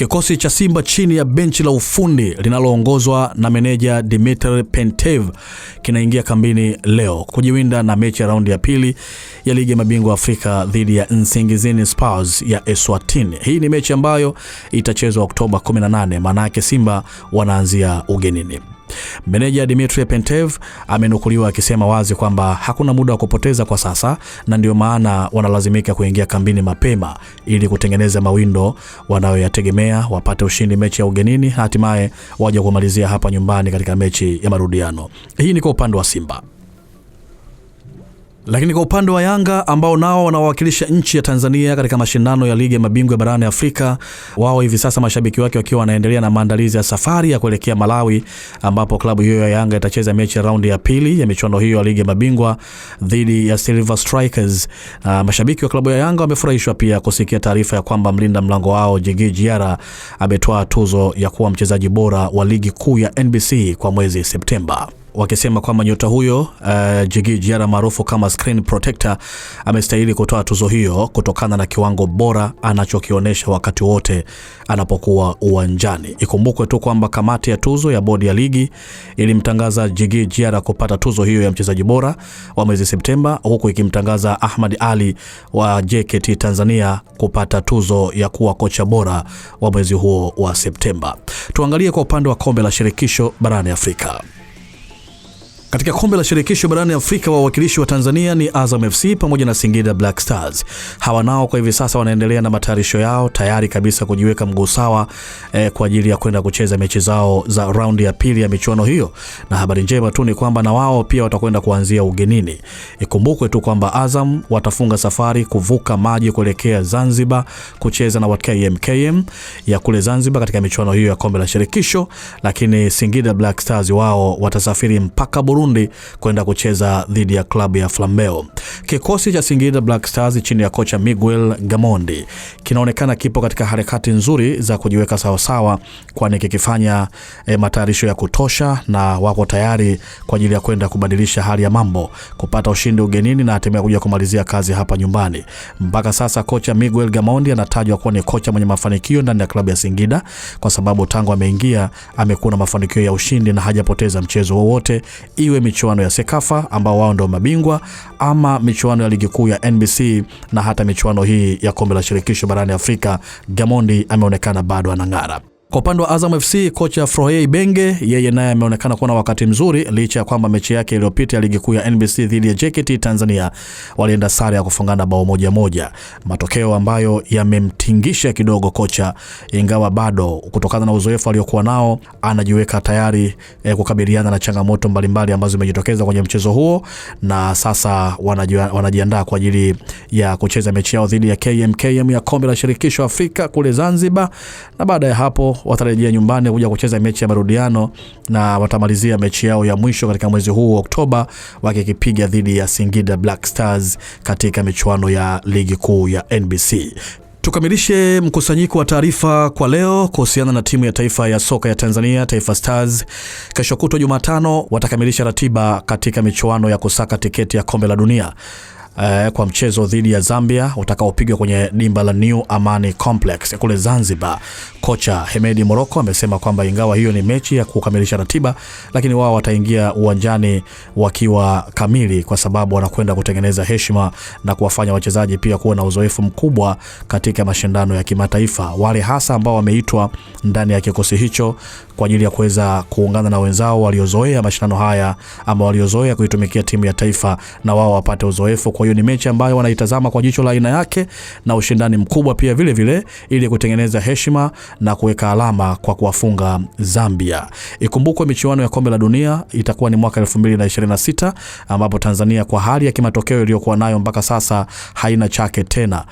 Kikosi cha Simba chini ya benchi la ufundi linaloongozwa na meneja Dimitri Pantev kinaingia kambini leo kujiwinda na mechi ya raundi ya pili ya ligi ya mabingwa Afrika dhidi ya Nsingizini Spurs ya Eswatini. Hii ni mechi ambayo itachezwa Oktoba 18, maana yake Simba wanaanzia ugenini. Meneja Dimitri Pentev amenukuliwa akisema wazi kwamba hakuna muda wa kupoteza kwa sasa na ndio maana wanalazimika kuingia kambini mapema ili kutengeneza mawindo wanayoyategemea, wapate ushindi mechi ya ugenini, hatimaye waje kumalizia hapa nyumbani katika mechi ya marudiano. Hii ni kwa upande wa Simba. Lakini kwa upande wa Yanga ambao nao wanawakilisha nchi ya Tanzania katika mashindano ya ligi ya mabingwa barani Afrika, wao hivi sasa mashabiki wake wakiwa wanaendelea na maandalizi ya safari ya kuelekea Malawi, ambapo klabu hiyo ya Yanga itacheza mechi ya raundi ya pili ya michuano hiyo ya ligi ya mabingwa dhidi ya Silver Strikers. na mashabiki wa klabu ya Yanga wamefurahishwa pia kusikia taarifa ya kwamba mlinda mlango wao Jigi Jiara ametoa tuzo ya kuwa mchezaji bora wa ligi kuu ya NBC kwa mwezi Septemba wakisema kwamba nyota huyo uh, eh, Jigi Jiara maarufu kama Screen Protector amestahili kutoa tuzo hiyo kutokana na kiwango bora anachokionyesha wakati wote anapokuwa uwanjani. Ikumbukwe tu kwamba kamati ya tuzo ya bodi ya ligi ilimtangaza Jigi Jiara kupata tuzo hiyo ya mchezaji bora wa mwezi Septemba, huku ikimtangaza Ahmad Ali wa JKT Tanzania kupata tuzo ya kuwa kocha bora wa mwezi huo wa Septemba. Tuangalie kwa upande wa kombe la shirikisho barani Afrika. Katika kombe la shirikisho barani Afrika, wawakilishi wa Tanzania ni Azam FC pamoja na Singida Black Stars. Hawa nao kwa hivi sasa wanaendelea na matayarisho yao tayari kabisa kujiweka mguu sawa eh, kwa ajili ya kwenda kucheza mechi zao za raundi ya pili ya michuano hiyo, na habari njema tu ni kwamba na wao pia watakwenda kuanzia ugenini. Ikumbukwe tu kwamba Azam watafunga safari kuvuka maji kuelekea Zanzibar kucheza na KMKM ya kule Zanzibar katika michuano hiyo ya kombe la shirikisho, lakini Singida Black Stars wao watasafiri mpaka buru Burundi kwenda kucheza dhidi ya klabu ya Flambeo. Kikosi cha Singida Black Stars chini ya kocha Miguel Gamondi kinaonekana kipo katika harakati nzuri za kujiweka sawasawa, kwani kikifanya e, matayarisho ya kutosha na wako tayari kwa ajili ya kwenda kubadilisha hali ya mambo, kupata ushindi ugenini na hatimaye kuja kumalizia kazi hapa nyumbani. Mpaka sasa kocha Miguel Gamondi anatajwa kuwa ni kocha mwenye mafanikio ndani ya klabu ya Singida kwa sababu tangu ameingia amekuwa na mafanikio ya ushindi na hajapoteza mchezo wowote iwe michuano ya Sekafa ambao wao ndio mabingwa ama michuano ya ligi kuu ya NBC na hata michuano hii ya kombe la shirikisho barani Afrika, Gamondi ameonekana bado anang'ara. Kwa upande wa Azam FC kocha frohei Benge yeye naye ameonekana kuwa na wakati mzuri licha ya kwamba mechi yake iliyopita ya ligi kuu ya NBC dhidi ya JKT Tanzania walienda sare ya kufungana bao moja moja, matokeo ambayo yame kumtingisha kidogo kocha, ingawa bado kutokana na uzoefu aliokuwa nao anajiweka tayari eh, kukabiliana na changamoto mbalimbali ambazo zimejitokeza kwenye mchezo huo, na sasa wanajiandaa kwa ajili ya kucheza mechi yao dhidi ya KMKM ya kombe la shirikisho Afrika kule Zanzibar, na baada ya hapo watarejea nyumbani kuja kucheza mechi ya marudiano na watamalizia mechi yao ya mwisho katika mwezi huu Oktoba wakikipiga dhidi ya Singida Black Stars katika michuano ya ligi kuu ya NBC. Tukamilishe mkusanyiko wa taarifa kwa leo kuhusiana na timu ya taifa ya soka ya Tanzania, Taifa Stars. Kesho kutwa Jumatano watakamilisha ratiba katika michuano ya kusaka tiketi ya kombe la dunia eh, kwa mchezo dhidi ya Zambia utakaopigwa kwenye dimba la New Amani Complex kule Zanzibar. Kocha Hemedi Moroko amesema kwamba ingawa hiyo ni mechi ya kukamilisha ratiba, lakini wao wataingia uwanjani wakiwa kamili, kwa sababu wanakwenda kutengeneza heshima na kuwafanya wachezaji pia kuwa na uzoefu mkubwa katika mashindano ya kimataifa, wale hasa ambao wameitwa ndani ya kikosi hicho kwa ajili ya kuweza kuungana na wenzao waliozoea mashindano haya ama waliozoea kuitumikia timu ya taifa, na wao wapate uzoefu kwa hiyo ni mechi ambayo wanaitazama kwa jicho la aina yake na ushindani mkubwa pia vile vile, ili kutengeneza heshima na kuweka alama kwa kuwafunga Zambia. Ikumbukwe michuano ya kombe la dunia itakuwa ni mwaka 2026 ambapo Tanzania kwa hali ya kimatokeo iliyokuwa nayo mpaka sasa haina chake tena.